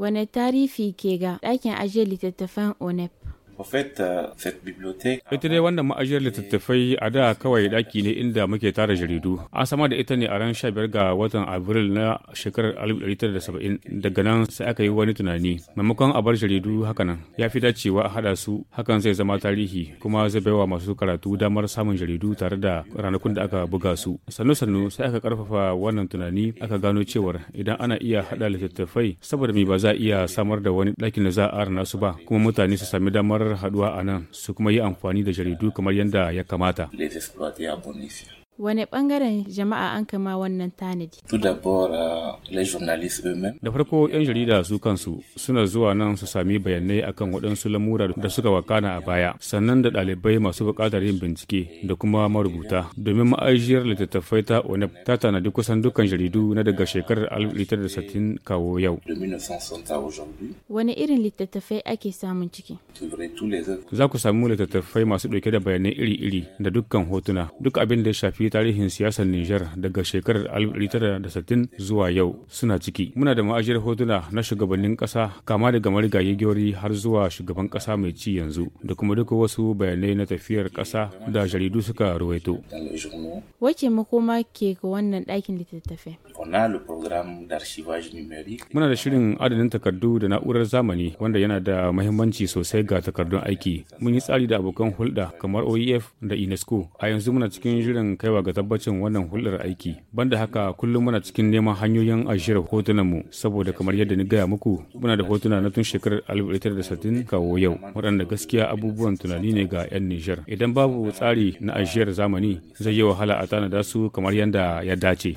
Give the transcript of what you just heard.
Wane tarihi ke ga ɗakin ajiye littattafan ONEP? Euh, ita dai wannan ma'ajiyar littattafai a da kawai daki ne inda muke tara jaridu. An sama da ita ne a ran 15 ga watan Abril na shekarar tara da saba'in daga nan sai aka yi wani tunani. Maimakon a bar jaridu hakanan ya fi dacewa a haɗa su hakan zai zama tarihi kuma zai baiwa masu karatu damar samun jaridu tare da ranakun da aka buga su. Sannu-sannu sai aka karfafa wannan tunani aka gano cewar idan ana iya haɗa littattafai saboda me ba za a iya samar da wani ɗakin da za a arna su ba kuma mutane su sami damar damar haduwa a nan su kuma yi amfani da jaridu kamar yadda ya kamata. Wane ɓangaren jama'a an kama wannan tanadi? Euh, da farko 'yan jarida su kansu suna zuwa nan su sami bayanai akan waɗansu lamura da suka wakana a baya, sannan da ɗalibai masu buƙatar yin bincike da kuma marubuta. Domin ma'ajiyar littattafai ta ONEP ta tanadi kusan dukkan jaridu na daga shekarar 1960 kawo yau. Wane irin littattafai ake samun ciki? Za ku samu littattafai masu ɗauke da bayanai iri-iri da dukkan hotuna, duk abin da ya shafi shafi tarihin siyasar Nijar daga shekarar 1960 zuwa yau suna ciki. Muna da ma'ajiyar hotuna na shugabannin ƙasa kama daga marigayi gyori har zuwa shugaban ƙasa mai ci yanzu da kuma duka wasu bayanai na tafiyar ƙasa da jaridu suka ruwaito. Wace makoma ke ga wannan ɗakin littattafai? Muna da shirin adadin takardu da na'urar zamani wanda yana da mahimmanci sosai ga takardun aiki. Mun yi tsari da abokan hulɗa kamar OEF da UNESCO. A yanzu muna cikin shirin kai. yawa ga tabbacin wannan hulɗar aiki banda haka kullum muna cikin neman hanyoyin ajiyar mu. saboda kamar yadda ni gaya muku muna da hotuna na tun shekarar 1960 kawo yau waɗanda gaskiya abubuwan tunani ne ga 'yan Nijar idan babu tsari na ajiyar zamani zai yi wahala a tanada su kamar yadda ya dace.